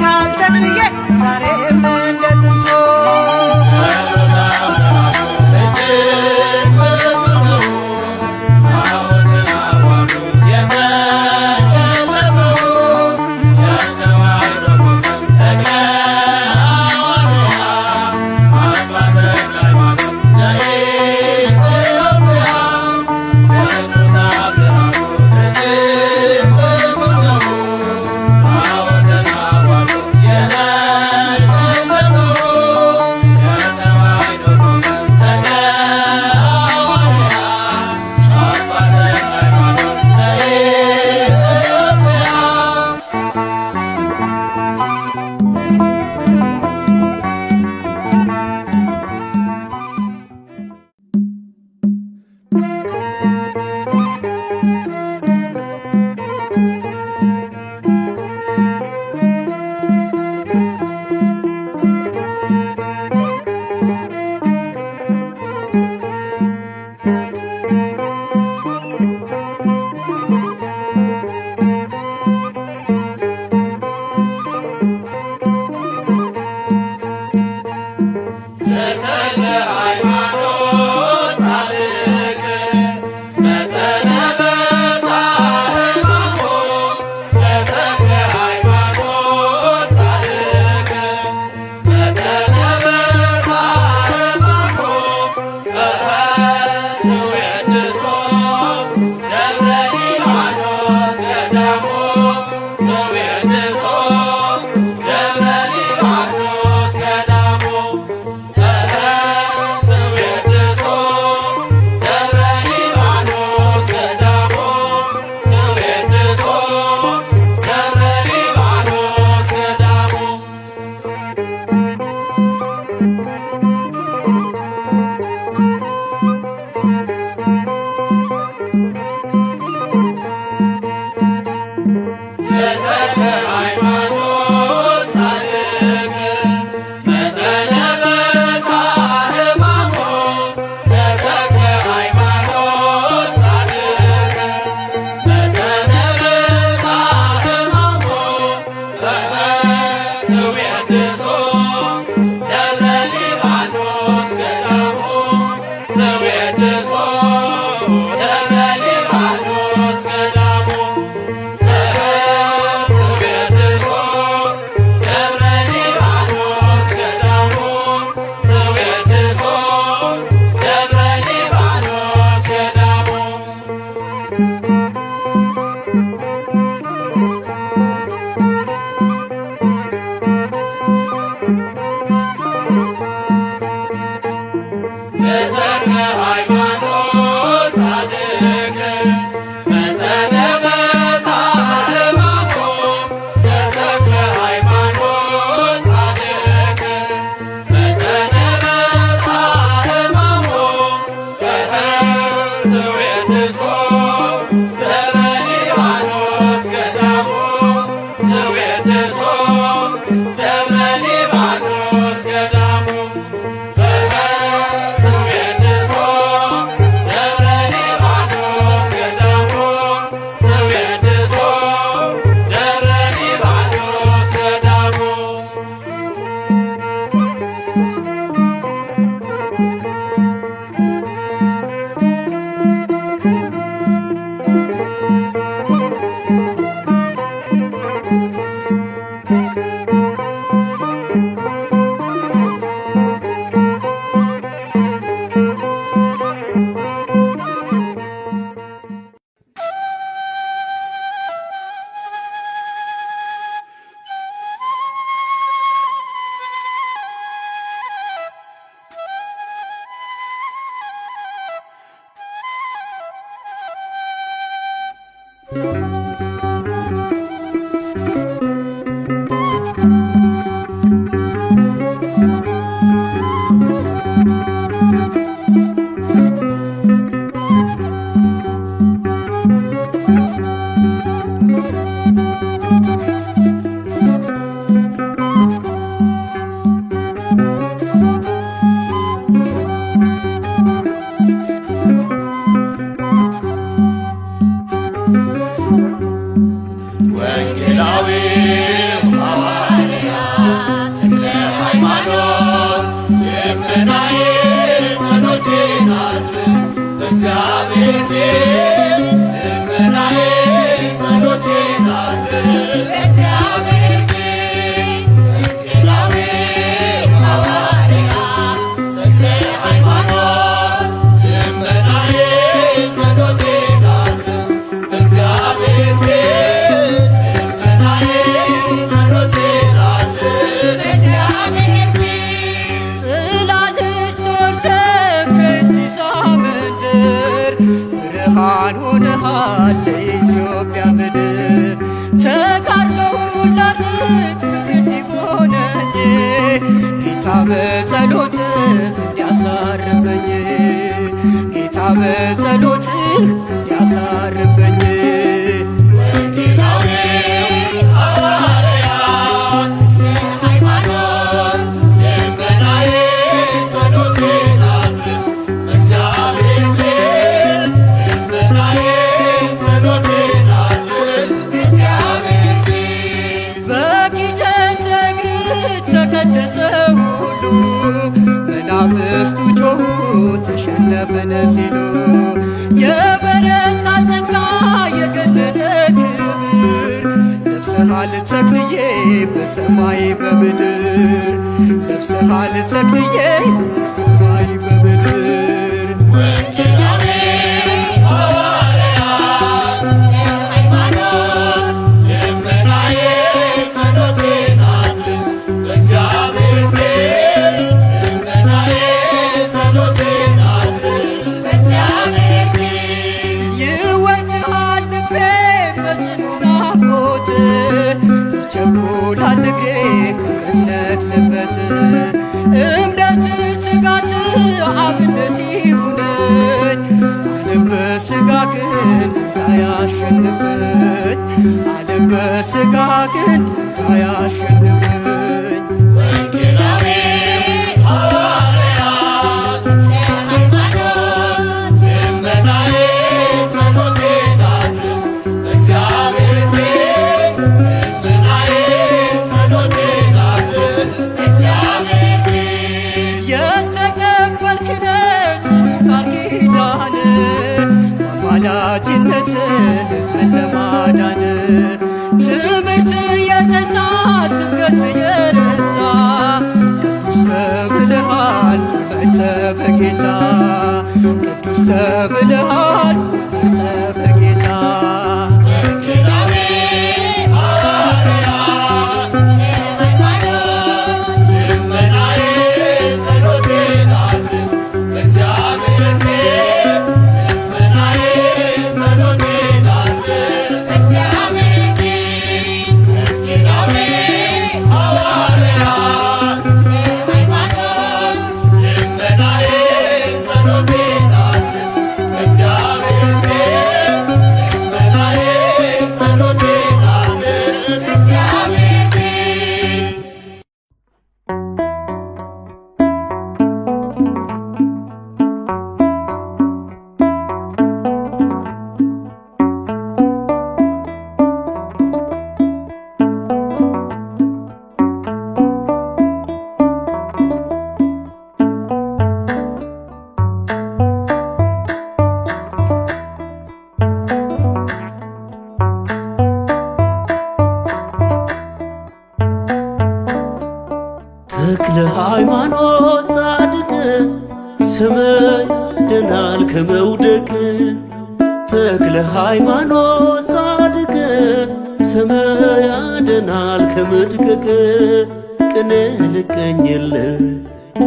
ካንተ ብዬ ዛሬም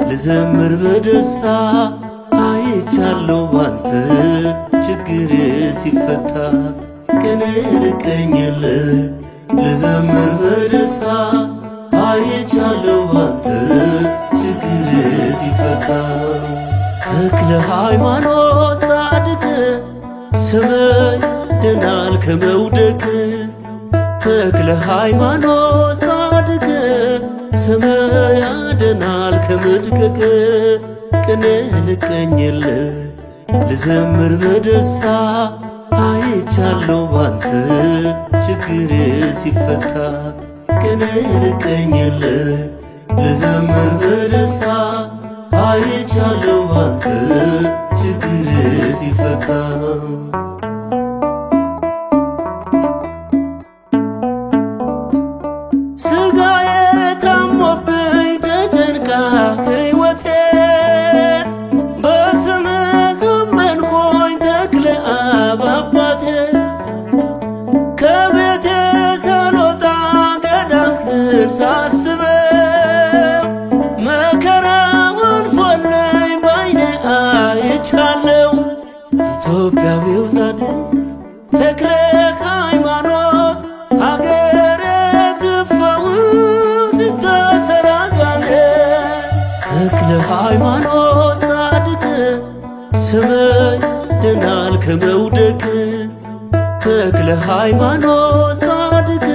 ልዘምር በደስታ አይቻለው ባንተ ችግር ሲፈታ ቀን ልዘምር በደስታ አይቻለው ባንተ ችግር ሲፈታ ተክለ ሃይማኖት ጻድቅ ስመ ያድነናል ከመውደቅ ተክለ ሃይማኖት ስም ያድናል ከመድቀቅ ቅን ልቀኝል ልዘምር በደስታ አይቻለሁ ባንተ ችግር ሲፈታ ቅን ልቀኝል ልዘምር በደስታ አይቻለሁ ባንተ ችግር ሲፈታ ኢትዮጵያዊው ዛዴ ተክለ ሃይማኖት ሀገሬ ትፈውስ ተሰራጋለ ተክለ ሃይማኖት ጻድቅ ስመ ድናል ከመውደቅ ተክለ ሃይማኖት ጻድቅ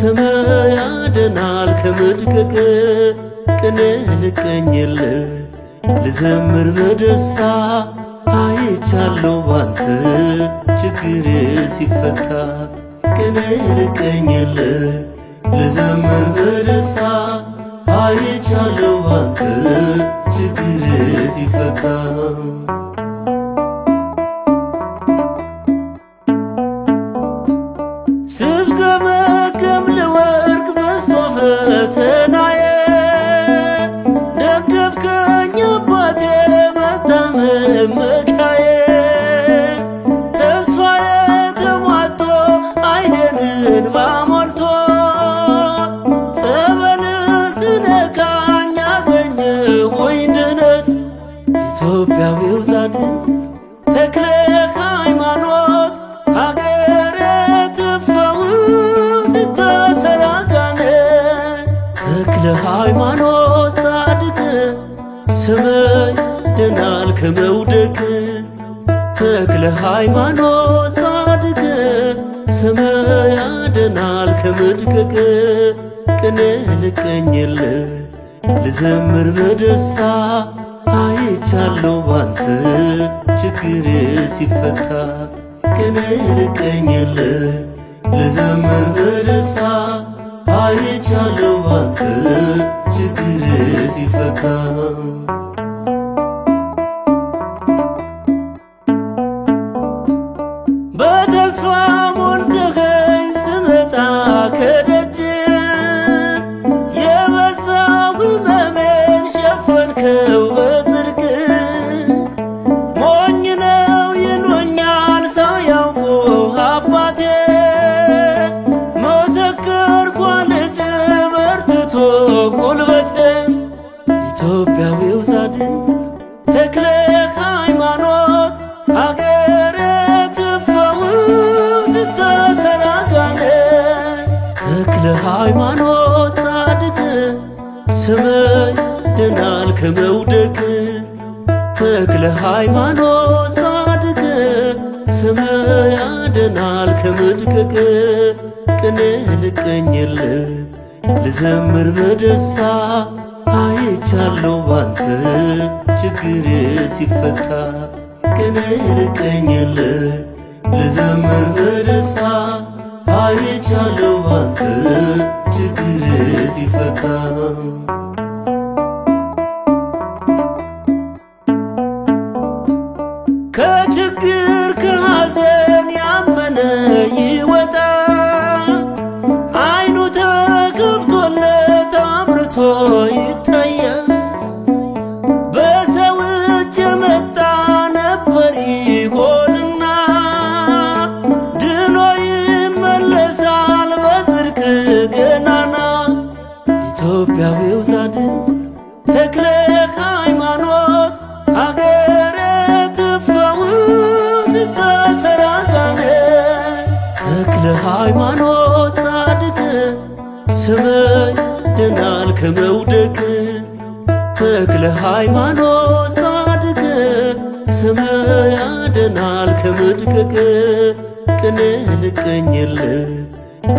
ስመ ያድናል ከመድቀቅ ቅኔ ልቀኝል ልዘምር በደስታ ሰምቻለሁ ባንተ ችግር ሲፈታ ቀን ርቀኝል ልዘምር በደስታ አይቻለሁ ባንተ ችግር ሲፈታ ከመውደቅ ተክለ ሃይማኖት ጻድቅ ስመ ያድናል ከመድቀቅ ቅኔ ልቀኝል ልዘምር በደስታ አይቻለው ባንተ ችግር ሲፈታ ቅኔ ልቀኝል ልዘምር በደስታ አይቻለው ባንተ ችግር ሲፈታ soir. ድናል ከመውደቅ ተክለ ሃይማኖት ጻድቅ ስመ ያድናል ከመድቀቅ ቅኔ ልቀኝል ልዘምር በደስታ አይቻለው ባንተ ችግር ሲፈታ ቅኔ ልቀኝል ልዘምር በደስታ አይቻለው ባንተ ችግር ሲፈታ Kaçık gır ሃይማኖት ጻድቅ ስም ያድናል ከመድቀቅ ቅን ልቀኝል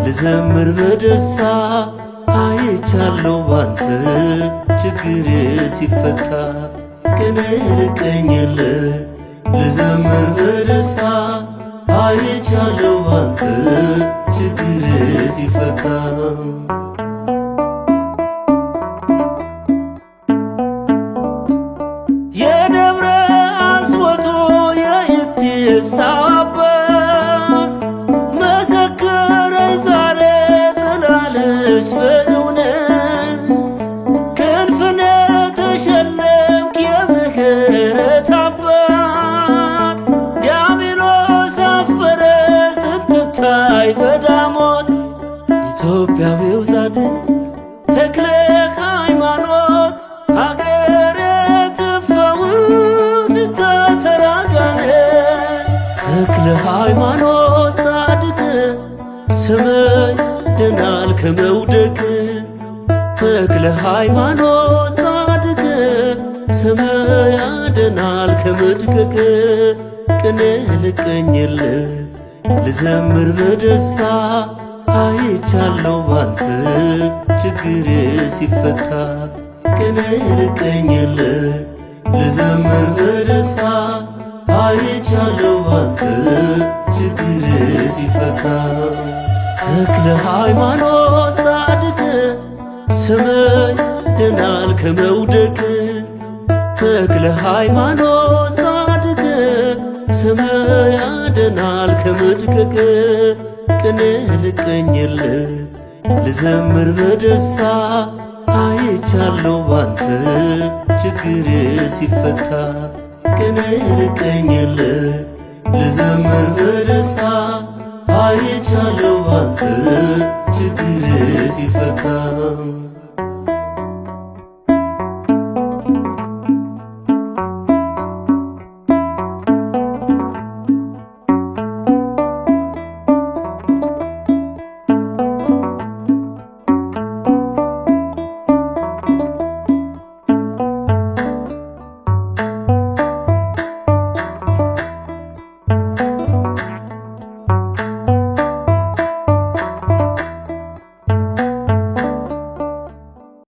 ልዘምር በደስታ አይቻለው ባንተ ችግር ሲፈታ ቅን ልቀኝል ልዘምር በደስታ አይቻለው ባንተ ችግር ሲፈታ በመድቀቅ ቅኔ ልቀኝል ልዘምር በደስታ አይቻለው ባንተ ችግር ሲፈታ ቅኔ ልቀኝል ልዘምር በደስታ አይቻለው ባንተ ችግር ሲፈታ ተክለ ሃይማኖት ጻድቅ ስመ ያድነናል ከመውደቅ ተክለ ሃይማኖት ጻድቅ ስም ያድናል ከምድቅቅ ቅን ልቀኝል ልዘምር በደስታ አይቻለው ባንተ ችግር ሲፈታ ቅን ልቀኝል ልዘምር በደስታ አይቻለው ባንተ ችግር ሲፈታ